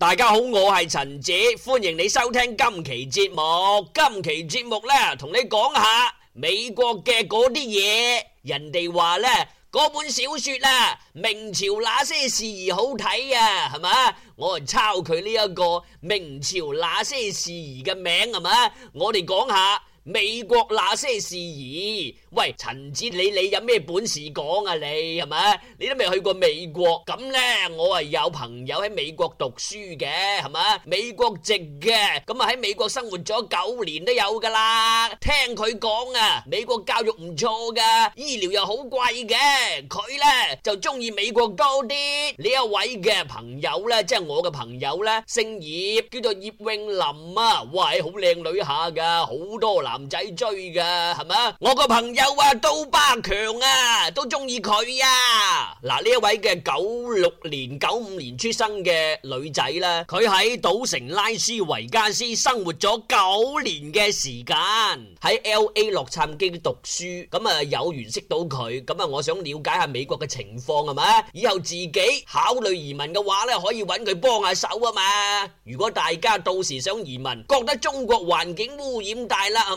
大家好，我係陳姐，歡迎你收聽今期節目。今期節目呢，同你講下美國嘅嗰啲嘢。人哋話呢，嗰本小說啦、啊，《明朝那些事兒》好睇啊，係嘛？我啊抄佢呢一個《明朝那些事兒》嘅名，係嘛？我哋講下。美國那些事兒，喂，陳子你你有咩本事講啊？你係咪？你都未去過美國，咁咧我係有朋友喺美國讀書嘅，係咪？美國籍嘅，咁啊喺美國生活咗九年都有噶啦。聽佢講啊，美國教育唔錯嘅，醫療又好貴嘅。佢咧就中意美國高啲。呢一位嘅朋友咧，即係我嘅朋友咧，姓葉，叫做葉永林啊。喂，好靚女下㗎，好多男。唔使追噶，係咪啊？我個朋友啊，刀疤強啊，都中意佢啊。嗱，呢一位嘅九六年、九五年出生嘅女仔啦，佢喺賭城拉斯維加斯生活咗九年嘅時間，喺 LA 洛杉磯讀書。咁啊，有緣識到佢。咁啊，我想了解下美國嘅情況係咪？以後自己考慮移民嘅話呢，可以搵佢幫下手啊嘛。如果大家到時想移民，覺得中國環境污染大啦。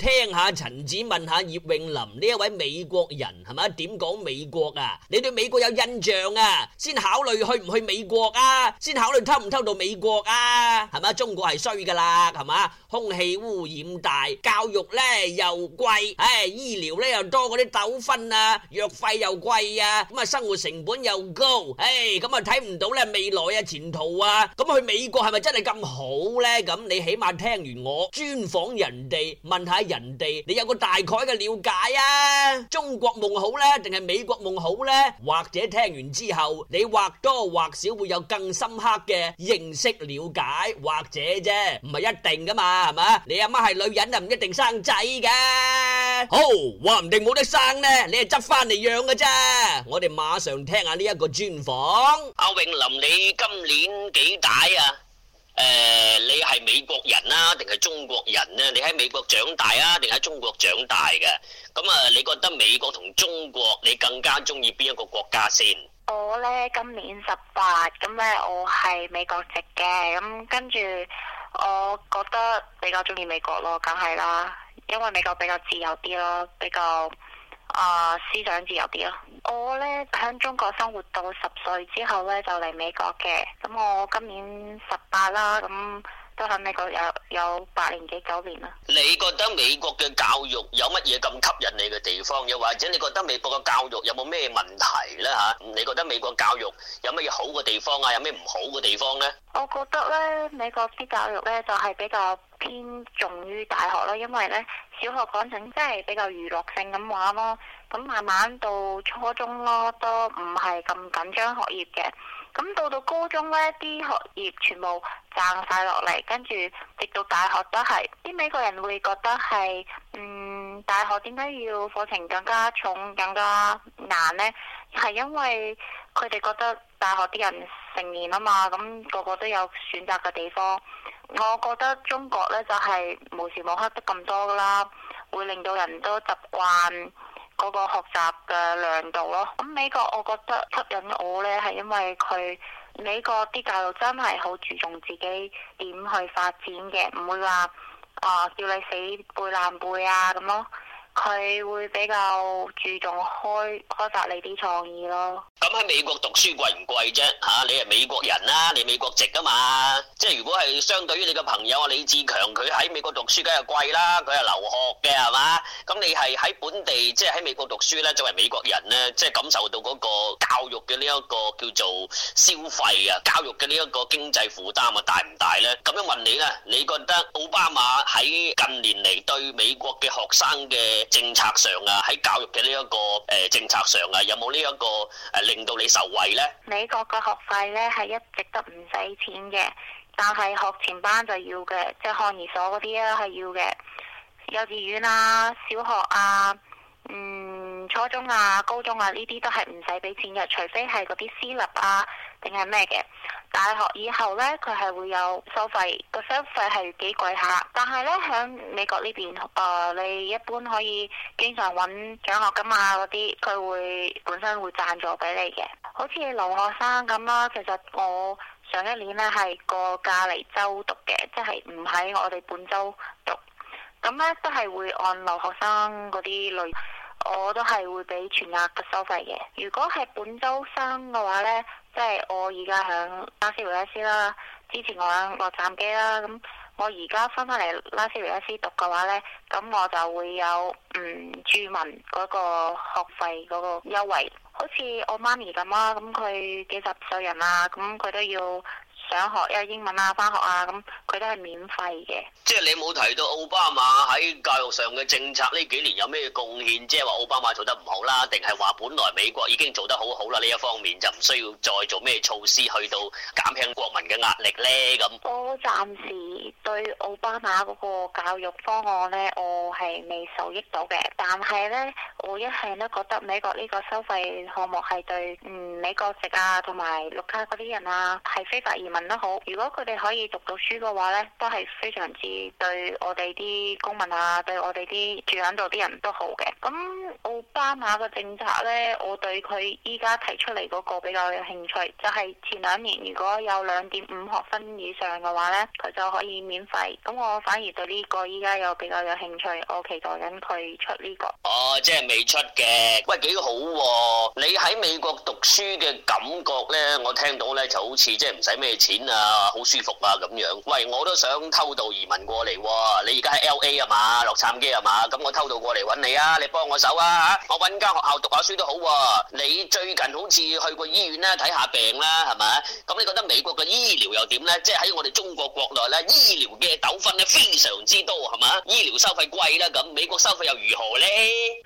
聽下陳子，問下葉詠林，呢一位美國人係咪？點講美國啊？你對美國有印象啊？先考慮去唔去美國啊？先考慮偷唔偷到美國啊？係咪？中國係衰噶啦，係嘛？空氣污染大，教育呢又貴，唉，醫療呢又多嗰啲糾紛啊，藥費又貴啊，咁啊生活成本又高，唉，咁啊睇唔到呢未來啊前途啊，咁去美國係咪真係咁好呢？咁你起碼聽完我專訪人哋問下。.人哋你有個大概嘅了解啊，中國夢好呢？定係美國夢好呢？或者聽完之後，你或多或少會有更深刻嘅認識了解，或者啫，唔係一定噶嘛，係嘛？你阿媽係女人就唔一定生仔嘅，好話唔定冇得生呢，你係執翻嚟養嘅啫。我哋馬上聽下呢一個專訪。阿、啊、永林，你今年幾大啊？誒、呃，你係美國人啦、啊，定係中國人咧、啊？你喺美國長大啊，定喺中國長大嘅？咁、嗯、啊，你覺得美國同中國，你更加中意邊一個國家先？我呢，今年十八、嗯，咁咧我係美國籍嘅，咁跟住我覺得比較中意美國咯，梗係啦，因為美國比較自由啲咯，比較。啊，uh, 思想自由啲咯。我咧響中國生活到十歲之後咧，就嚟美國嘅，咁我今年十八啦咁。都喺美國有有八年幾九年啦。你覺得美國嘅教育有乜嘢咁吸引你嘅地方？又或者你覺得美國嘅教育有冇咩問題呢？吓、啊，你覺得美國教育有乜嘢好嘅地方啊？有咩唔好嘅地方呢？我覺得呢，美國啲教育呢就係、是、比較偏重於大學咯，因為呢，小學講緊真係比較娛樂性咁玩咯，咁慢慢到初中咯，都唔係咁緊張學業嘅。咁到到高中呢，啲學業全部賺晒落嚟，跟住直到大學都係。啲美國人會覺得係，嗯，大學點解要課程更加重、更加難呢？係因為佢哋覺得大學啲人成年啊嘛，咁、那個個都有選擇嘅地方。我覺得中國呢，就係無時無刻得咁多啦，會令到人都習慣。嗰個學習嘅量度咯，咁美國我覺得吸引我呢，係因為佢美國啲教育真係好注重自己點去發展嘅，唔會話啊、呃、叫你死背爛背啊咁咯。佢會比較注重開開發你啲創意咯。咁喺美國讀書貴唔貴啫？吓，你係美國人啦，你美國籍噶嘛？即係如果係相對於你個朋友啊李志強佢喺美國讀書梗係貴啦，佢係留學嘅係嘛？咁你係喺本地即係喺美國讀書咧，作為美國人咧，即係感受到嗰個教育嘅呢一個叫做消費啊，教育嘅呢一個經濟負擔啊大唔大咧？咁樣問你咧，你覺得奧巴馬喺近年嚟對美國嘅學生嘅？政策上啊，喺教育嘅呢一個誒、呃、政策上啊，有冇呢一個誒、呃、令到你受惠咧？美國嘅學費咧，係一直都唔使錢嘅，但係學前班就要嘅，即係看兒所嗰啲啊係要嘅，幼稚園啊、小學啊、嗯、初中啊、高中啊呢啲都係唔使俾錢嘅，除非係嗰啲私立啊。定係咩嘅？大學以後呢，佢係會有收費，個收費係幾貴下。但係呢，響美國呢邊，誒、呃，你一般可以經常揾獎學金啊嗰啲，佢會本身會贊助畀你嘅。好似留學生咁啦，其實我上一年呢係隔籬州讀嘅，即係唔喺我哋本州讀。咁呢，都係會按留學生嗰啲類。我都係會俾全額嘅收費嘅。如果係本週生嘅話呢，即係我而家響拉斯維加斯啦。之前我喺洛杉磯啦，咁我而家翻返嚟拉斯維加斯讀嘅話呢，咁我就會有嗯住民嗰個學費嗰個優惠。好似我媽咪咁啦，咁佢幾十歲人啦，咁佢都要。想學一英文啊，返學啊，咁佢都係免費嘅。即係你冇提到奧巴馬喺教育上嘅政策呢幾年有咩貢獻，即係話奧巴馬做得唔好啦，定係話本來美國已經做得好好啦，呢一方面就唔需要再做咩措施去到減輕國民嘅壓力呢？咁。我暫時對奧巴馬嗰個教育方案呢，我係未受益到嘅。但係呢，我一向都覺得美國呢個收費項目係對嗯美國籍啊同埋綠卡嗰啲人啊係非法移民，都好，如果佢哋可以讀到書嘅話呢，都係非常之對我哋啲公民啊，對我哋啲住喺度啲人都好嘅。咁奧巴馬嘅政策呢，我對佢依家提出嚟嗰個比較有興趣，就係前兩年如果有兩點五學分以上嘅話呢，佢就可以免費。咁我反而對呢個依家有比較有興趣，我期待緊佢出呢個。哦，即係未出嘅，喂，幾好喎！你喺美國讀書嘅感覺呢，我聽到呢就好似即係唔使咩錢錢啊，好舒服啊，咁樣。喂，我都想偷渡移民過嚟喎、啊。你而家喺 LA 啊嘛，洛杉磯啊嘛，咁我偷渡過嚟揾你啊，你幫我手啊。我揾間學校讀下書都好喎、啊。你最近好似去過醫院啦，睇下病啦，係咪啊？咁、啊、你覺得美國嘅醫療又點呢？即係喺我哋中國國內呢，醫療嘅糾紛呢，非常之多，係咪？醫療收費貴啦，咁美國收費又如何呢？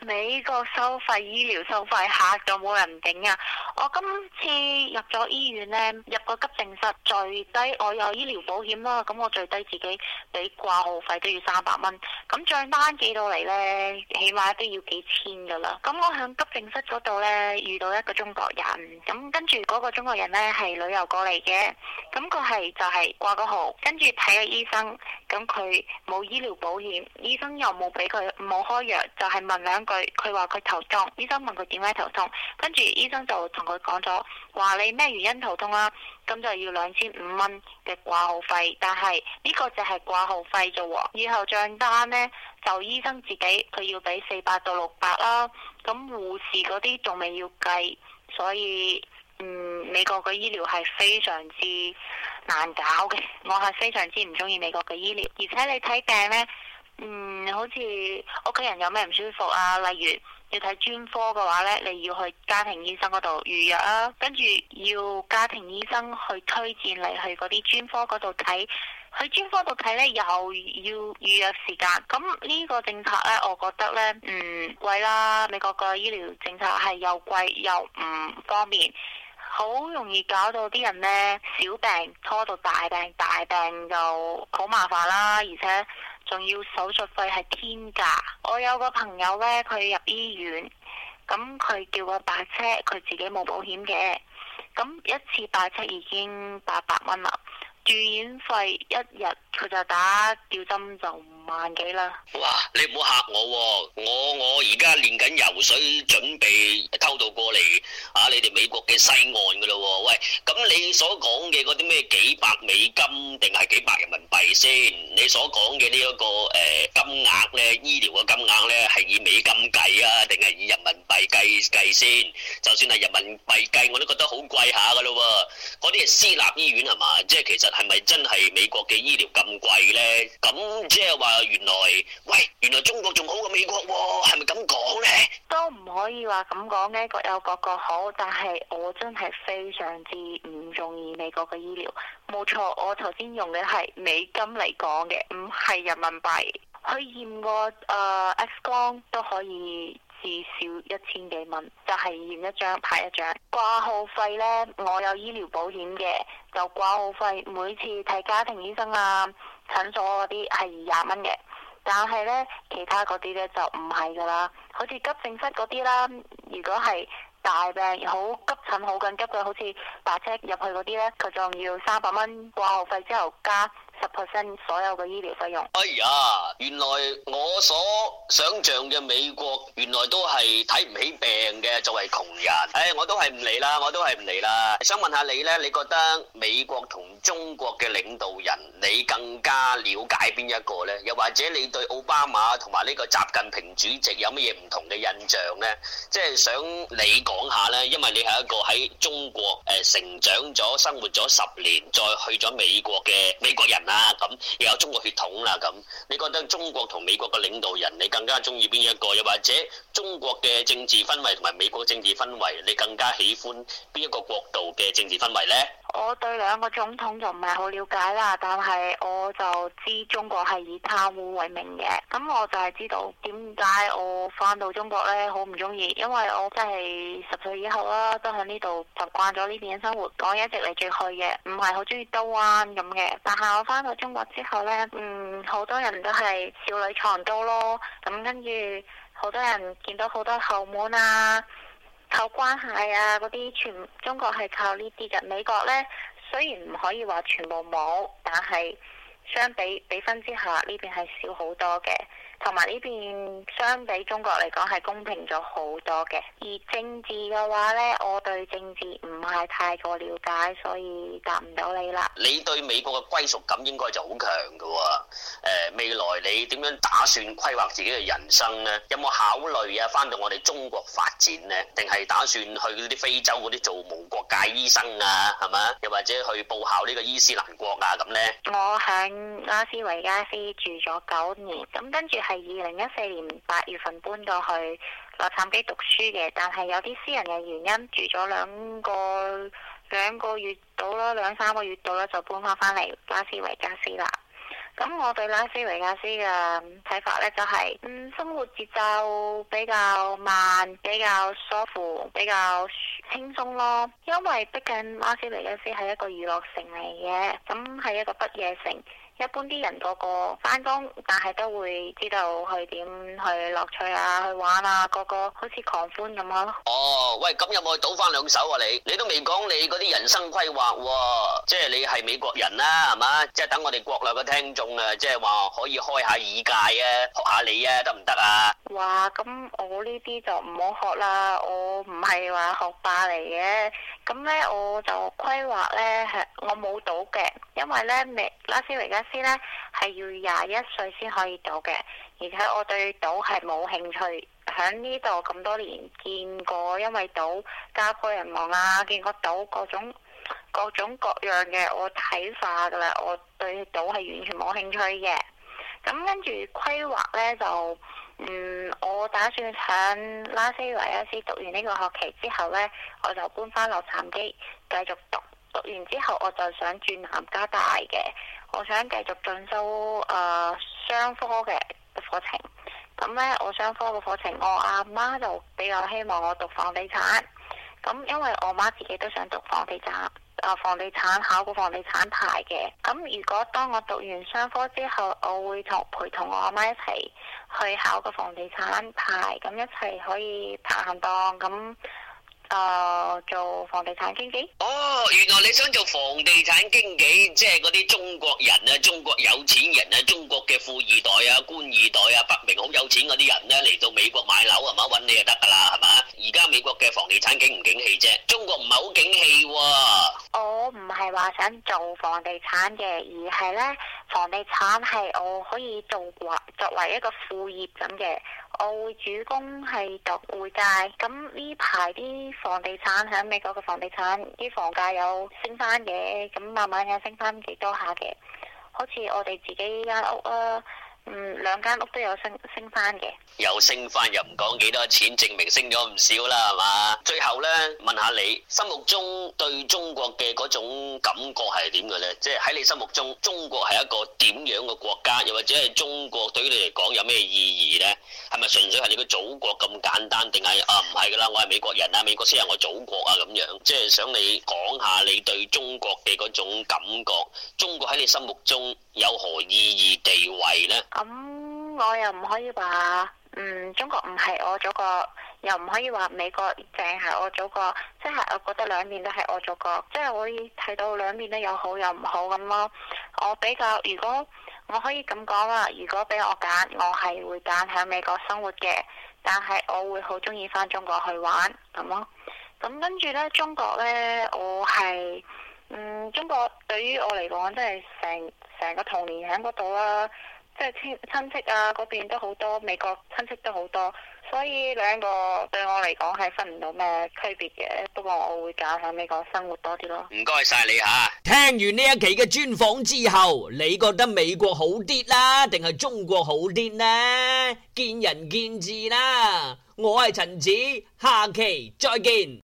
美國收費醫療收費嚇到冇人頂啊！我今次入咗醫院呢，入個急症室。最低我有醫療保險啦，咁我最低自己俾掛號費都要三百蚊，咁帳單寄到嚟呢，起碼都要幾千噶啦。咁我響急症室嗰度呢，遇到一個中國人，咁跟住嗰個中國人呢，係旅遊過嚟嘅，咁佢係就係掛個號，跟住睇嘅醫生，咁佢冇醫療保險，醫生又冇畀佢冇開藥，就係問兩句，佢話佢頭痛，醫生問佢點解頭痛，跟住醫生就同佢講咗，話你咩原因頭痛啦，啊，咁就要兩千五蚊嘅掛號費，但係呢個就係掛號費啫。以後賬單呢，就醫生自己，佢要畀四百到六百啦。咁護士嗰啲仲未要計，所以嗯，美國嘅醫療係非常之難搞嘅。我係非常之唔中意美國嘅醫療，而且你睇病呢，嗯，好似屋企人有咩唔舒服啊，例如。要睇專科嘅話呢，你要去家庭醫生嗰度預約啊，跟住要家庭醫生去推薦你去嗰啲專科嗰度睇。去專科度睇呢，又要預約時間。咁呢個政策呢，我覺得呢唔，嗯，貴啦。美國嘅醫療政策係又貴又唔方便，好容易搞到啲人呢，小病拖到大病，大病就好麻煩啦，而且。仲要手術費係天價，我有個朋友呢，佢入醫院，咁佢叫個白車，佢自己冇保險嘅，咁一次白車已經八百蚊啦，住院費一日佢就打吊針就。萬幾啦！哇，你唔好吓我喎。哦，我我而家練緊游水，準備偷渡過嚟啊！你哋美國嘅西岸噶咯喎，喂，咁你所講嘅嗰啲咩幾百美金定係幾百人民幣先？你所講嘅呢一個誒、呃、金額呢，醫療嘅金額呢，係以美金計啊，定係以人民幣計計先？就算係人民幣計，我都覺得好貴下噶咯喎，嗰啲係私立醫院係嘛？即係其實係咪真係美國嘅醫療咁貴呢？咁即係話。啊，原來喂，原來中國仲好過美國喎，係咪咁講呢？都唔可以話咁講嘅，各有各個好。但係我真係非常之唔中意美國嘅醫療。冇錯，我頭先用嘅係美金嚟講嘅，唔係人民幣。佢驗個 X 光都可以至少一千幾蚊，就係、是、驗一張派一張。掛號費呢，我有醫療保險嘅，就掛號費每次睇家庭醫生啊。診所嗰啲係廿蚊嘅，但係呢其他嗰啲呢就唔係噶啦，好似急症室嗰啲啦，如果係大病好急診好緊急嘅，好似白車入去嗰啲呢，佢仲要三百蚊掛號費之後加。十 percent 所有嘅醫療費用。哎呀，原來我所想象嘅美國，原來都係睇唔起病嘅，作為窮人。誒、哎，我都係唔嚟啦，我都係唔嚟啦。想問下你咧，你覺得美國同中國嘅領導人，你更加了解邊一個咧？又或者你對奧巴馬同埋呢個習近平主席有乜嘢唔同嘅印象咧？即係想你講下咧，因為你係一個喺中國誒、呃、成長咗、生活咗十年再去咗美國嘅美國人。嗱咁、啊，又有中國血統啦、啊、咁，你覺得中國同美國嘅領導人，你更加中意邊一個？又或者中國嘅政治氛圍同埋美國政治氛圍，你更加喜歡邊一,一個國度嘅政治氛圍咧？我對兩個總統就唔係好了解啦，但係我就知中國係以貪污為名嘅。咁、嗯、我就係知道點解我翻到中國呢好唔中意，因為我真係十歲以後啦，都喺呢度習慣咗呢邊嘅生活，我一直嚟直去嘅，唔係好中意兜彎咁嘅。但係我翻到中國之後呢，嗯，好多人都係少女藏刀咯，咁、嗯、跟住好多人見到好多後門啊。靠關係啊！嗰啲全中國係靠呢啲嘅。美國呢，雖然唔可以話全部冇，但係相比比分之下，呢邊係少好多嘅。同埋呢邊相比中國嚟講係公平咗好多嘅。而政治嘅話咧，我對政治唔係太過了解，所以答唔到你啦。你對美國嘅歸屬感應該就好強嘅喎。誒，未來你點樣打算規劃自己嘅人生咧？有冇考慮啊？返到我哋中國發展咧，定係打算去啲非洲嗰啲做冇國家？醫生啊，係嘛？又或者去報考呢個伊斯蘭國啊？咁呢，我響拉斯維加斯住咗九年，咁跟住係二零一四年八月份搬過去洛杉磯讀書嘅，但係有啲私人嘅原因，住咗兩個兩個月到啦，兩三個月到啦，就搬翻翻嚟拉斯維加斯啦。咁我對拉斯維加斯嘅睇法呢，就係、是，嗯，生活節奏比較慢，比較舒服，比較輕鬆咯。因為畢竟拉斯維加斯係一個娛樂城嚟嘅，咁係一個不夜城。一般啲人個個翻工，但係都會知道去點去樂趣啊，去玩啊，個個好似狂歡咁樣咯。哦，喂，咁有冇去賭翻兩手啊？你，你都未講你嗰啲人生規劃喎。即係你係美國人啦，係嘛？即係等我哋國內嘅聽眾啊，即係話可以開下耳界啊，學下你啊，得唔得啊？哇，咁我呢啲就唔好學啦，我唔係話學霸嚟嘅。咁咧，我就規劃咧，係我冇賭嘅，因為咧未拉斯維加。先咧係要廿一歲先可以賭嘅，而且我對賭係冇興趣。響呢度咁多年見過，因為賭家破人亡啊，見過賭各種各種各樣嘅，我睇化噶啦。我對賭係完全冇興趣嘅。咁跟住規劃咧就，嗯，我打算響拉斯維加斯讀完呢個學期之後呢，我就搬翻洛杉磯繼續讀。讀完之後，我就想轉南加大嘅，我想繼續進修誒商、呃、科嘅課程。咁呢，我商科嘅課程，我阿媽就比較希望我讀房地產。咁因為我媽自己都想讀房地產，啊房地產考個房地產牌嘅。咁如果當我讀完商科之後，我會同陪同我阿媽一齊去考個房地產牌，咁一齊可以拍行當咁。啊、呃！做房地產經紀？哦，原來你想做房地產經紀，即係嗰啲中國人啊，中國有錢人啊，中國嘅富二代啊，官二代啊，不明好有錢嗰啲人呢、啊，嚟到美國買樓係嘛，揾你就得噶啦，係嘛？而家美國嘅房地產景唔景氣啫，中國唔係好景氣喎、哦。我唔係話想做房地產嘅，而係呢。房地產係我可以做話作為一個副業咁嘅，我會主攻係做會計。咁呢排啲房地產喺美國嘅房地產啲房價又升翻嘅，咁慢慢又升翻幾多下嘅，好似我哋自己間屋啊。嗯，兩間屋都有升升翻嘅，有升翻又唔講幾多錢，證明升咗唔少啦，係嘛？最後呢，問下你心目中對中國嘅嗰種感覺係點嘅呢？即係喺你心目中，中國係一個點樣嘅國家？又或者係中國對於你嚟講有咩意義呢？係咪純粹係你嘅祖國咁簡單？定係啊唔係噶啦，我係美國人啊，美國先係我祖國啊咁樣？即係想你講下你對中國嘅嗰種感覺，中國喺你心目中有何意義地位呢？咁，嗯，我又唔可以話，嗯，中國唔係我祖國，又唔可以話美國淨係我祖國，即係我覺得兩面都係我祖國，即係可以睇到兩面都有好有唔好咁咯。我比較如果我可以咁講啦，如果俾我揀，我係會揀喺美國生活嘅，但係我會好中意翻中國去玩咁咯。咁跟住呢，中國呢，我係，嗯，中國對於我嚟講，即係成成個童年喺嗰度啦。即係親親戚啊，嗰邊都好多，美國親戚都好多，所以兩個對我嚟講係分唔到咩區別嘅，不過我會搞下美國生活多啲咯。唔該晒你吓，啊，聽完呢一期嘅專訪之後，你覺得美國好啲啦，定係中國好啲呢？見仁見智啦。我係陳子，下期再見。